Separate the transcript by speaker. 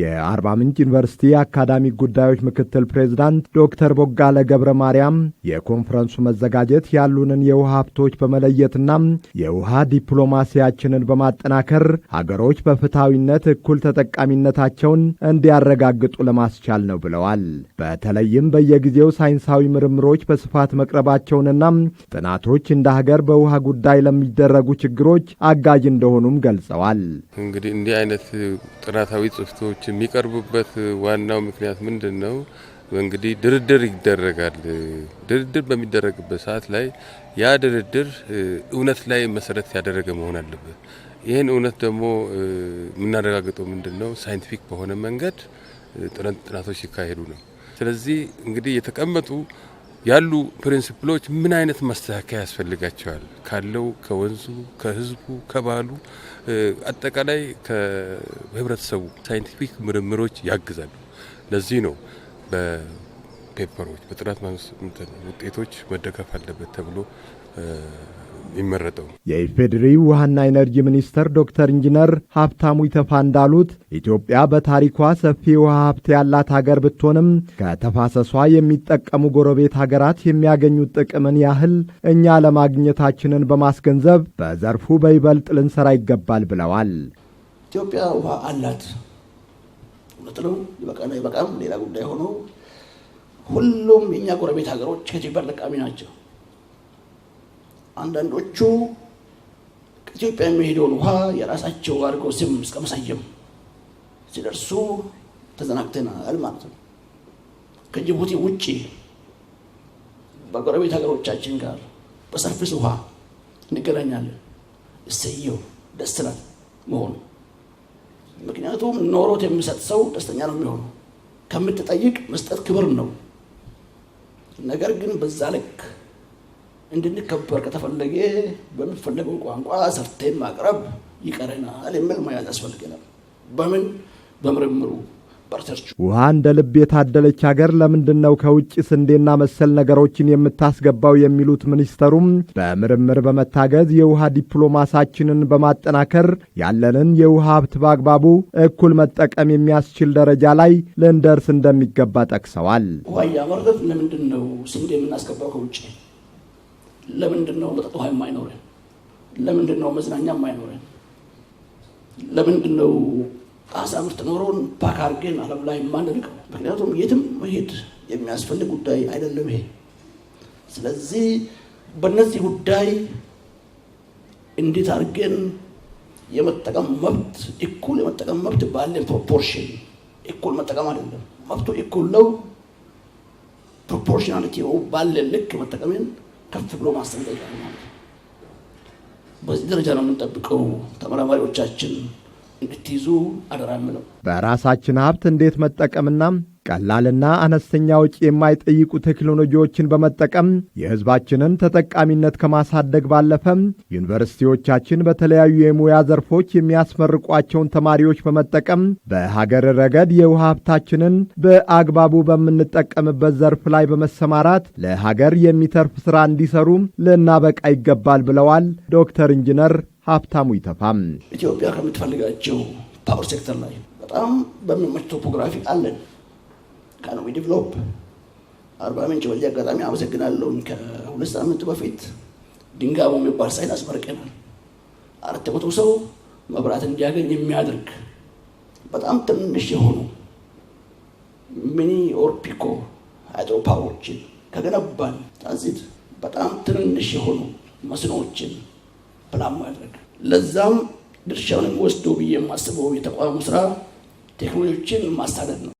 Speaker 1: የአርባ ምንጭ ዩኒቨርሲቲ አካዳሚክ ጉዳዮች ምክትል ፕሬዝዳንት ዶክተር ቦጋለ ገብረ ማርያም የኮንፈረንሱ መዘጋጀት ያሉንን የውሃ ሀብቶች በመለየትና የውሃ ዲፕሎማሲያችንን በማጠናከር ሀገሮች በፍትሐዊነት እኩል ተጠቃሚነታቸውን እንዲያረጋግጡ ለማስቻል ነው ብለዋል። በተለይም በየጊዜው ሳይንሳዊ ምርምሮች በስፋት መቅረባቸውንና ጥናቶች እንደ ሀገር በውሃ ጉዳይ ለሚደረጉ ችግሮች አጋዥ እንደሆኑም ገልጸዋል።
Speaker 2: እንግዲህ እንዲህ አይነት ጥናታዊ ጽፍቶች የሚቀርቡበት ዋናው ምክንያት ምንድን ነው? እንግዲህ ድርድር ይደረጋል። ድርድር በሚደረግበት ሰዓት ላይ ያ ድርድር እውነት ላይ መሰረት ያደረገ መሆን አለበት። ይህን እውነት ደግሞ የምናረጋግጠው ምንድን ነው? ሳይንቲፊክ በሆነ መንገድ ጥናቶች ሲካሄዱ ነው። ስለዚህ እንግዲህ የተቀመጡ ያሉ ፕሪንስፕሎች ምን አይነት ማስተካከያ ያስፈልጋቸዋል ካለው ከወንዙ ከህዝቡ ከባህሉ አጠቃላይ ከህብረተሰቡ ሳይንቲፊክ ምርምሮች ያግዛሉ። ለዚህ ነው በፔፐሮች በጥናት ውጤቶች መደገፍ አለበት ተብሎ የሚመረጠው።
Speaker 1: የኢፌዴሪ ውሃና ኢነርጂ ሚኒስተር ዶክተር ኢንጂነር ሀብታሙ ኢተፋ እንዳሉት ኢትዮጵያ በታሪኳ ሰፊ የውሃ ሀብት ያላት ሀገር ብትሆንም ከተፋሰሷ የሚጠቀሙ ጎረቤት ሀገራት የሚያገኙት ጥቅምን ያህል እኛ ለማግኘታችንን በማስገንዘብ በዘርፉ በይበልጥ ልንሰራ ይገባል ብለዋል።
Speaker 3: ኢትዮጵያ ውሃ አላት፣ እውነት ነው። ይበቃም ሌላ ጉዳይ ሆኖ ሁሉም የእኛ ጎረቤት ሀገሮች ከዚህ ጠቃሚ ናቸው። አንዳንዶቹ ከኢትዮጵያ የሚሄደውን ውሃ የራሳቸው አድርገው ስም እስከ ሲደርሱ ተዘናግተናል ማለት ነው። ከጅቡቲ ውጭ በጎረቤት ሀገሮቻችን ጋር በሰርፍስ ውሃ እንገናኛለን። እሰየው ደስ ይላል መሆኑ። ምክንያቱም ኖሮት የሚሰጥ ሰው ደስተኛ ነው የሚሆኑ ከምትጠይቅ መስጠት ክብር ነው። ነገር ግን በዛ ልክ እንድንከበር ከተፈለገ በሚፈለገው ቋንቋ ሰርተን ማቅረብ ይቀረናል የሚል መያዝ ያስፈልገናል። በምን በምርምሩ
Speaker 1: ውሃ እንደ ልብ የታደለች ሀገር ለምንድን ነው ከውጭ ስንዴና መሰል ነገሮችን የምታስገባው? የሚሉት ሚኒስተሩም በምርምር በመታገዝ የውሃ ዲፕሎማሳችንን በማጠናከር ያለንን የውሃ ሀብት በአግባቡ እኩል መጠቀም የሚያስችል ደረጃ ላይ ልንደርስ እንደሚገባ ጠቅሰዋል።
Speaker 3: ውሃ እያመረት ለምንድን ነው ስንዴ የምናስገባው ከውጭ ለምንድን ነው መጠጥ ውሃ የማይኖረን? ለምንድን ነው መዝናኛ የማይኖረን? ለምንድን ነው አሳ ምርት ኖሮን ፓክ አድርገን አለም ላይ የማንርቀው? ምክንያቱም የትም መሄድ የሚያስፈልግ ጉዳይ አይደለም ይሄ። ስለዚህ በእነዚህ ጉዳይ እንዴት አድርገን የመጠቀም መብት እኩል የመጠቀም መብት ባለን ፕሮፖርሽን እኩል መጠቀም አይደለም መብቱ እኩል ነው። ፕሮፖርሽናሊቲ ባለን ልክ መጠቀምን ከፍ ብሎ ማስጠንቀቂያ ነው። በዚህ ደረጃ ነው የምንጠብቀው ተመራማሪዎቻችን እንድትይዙ አደራም ነው።
Speaker 1: በራሳችን ሀብት እንዴት መጠቀምና ቀላልና አነስተኛ ውጪ የማይጠይቁ ቴክኖሎጂዎችን በመጠቀም የሕዝባችንን ተጠቃሚነት ከማሳደግ ባለፈ ዩኒቨርሲቲዎቻችን በተለያዩ የሙያ ዘርፎች የሚያስመርቋቸውን ተማሪዎች በመጠቀም በሀገር ረገድ የውሃ ሀብታችንን በአግባቡ በምንጠቀምበት ዘርፍ ላይ በመሰማራት ለሀገር የሚተርፍ ሥራ እንዲሰሩ ልናበቃ ይገባል ብለዋል ዶክተር ኢንጂነር ሀብታሙ ይተፋም
Speaker 3: ኢትዮጵያ ከምትፈልጋቸው ፓወር ሴክተር ላይ በጣም በሚመች ቶፖግራፊ አለን። ኢኮኖሚ ዲቨሎፕ አርባ ምንጭ በዚህ አጋጣሚ አመሰግናለሁ። ከሁለት ሳምንት በፊት ድንጋሙ የሚባል ሳይት አስመርቀናል። አራት መቶ ሰው መብራት እንዲያገኝ የሚያደርግ በጣም ትንሽ የሆኑ ሚኒ ኦርፒኮ ሃይድሮ ፓወሮችን ከገነባን ትራንዚት በጣም ትንንሽ የሆኑ መስኖዎችን ፕላን ማድረግ ለዛም ድርሻውን ወስዶ ብዬ የማስበው የተቋሙ ስራ ቴክኖሎጂን ማሳደድ ነው።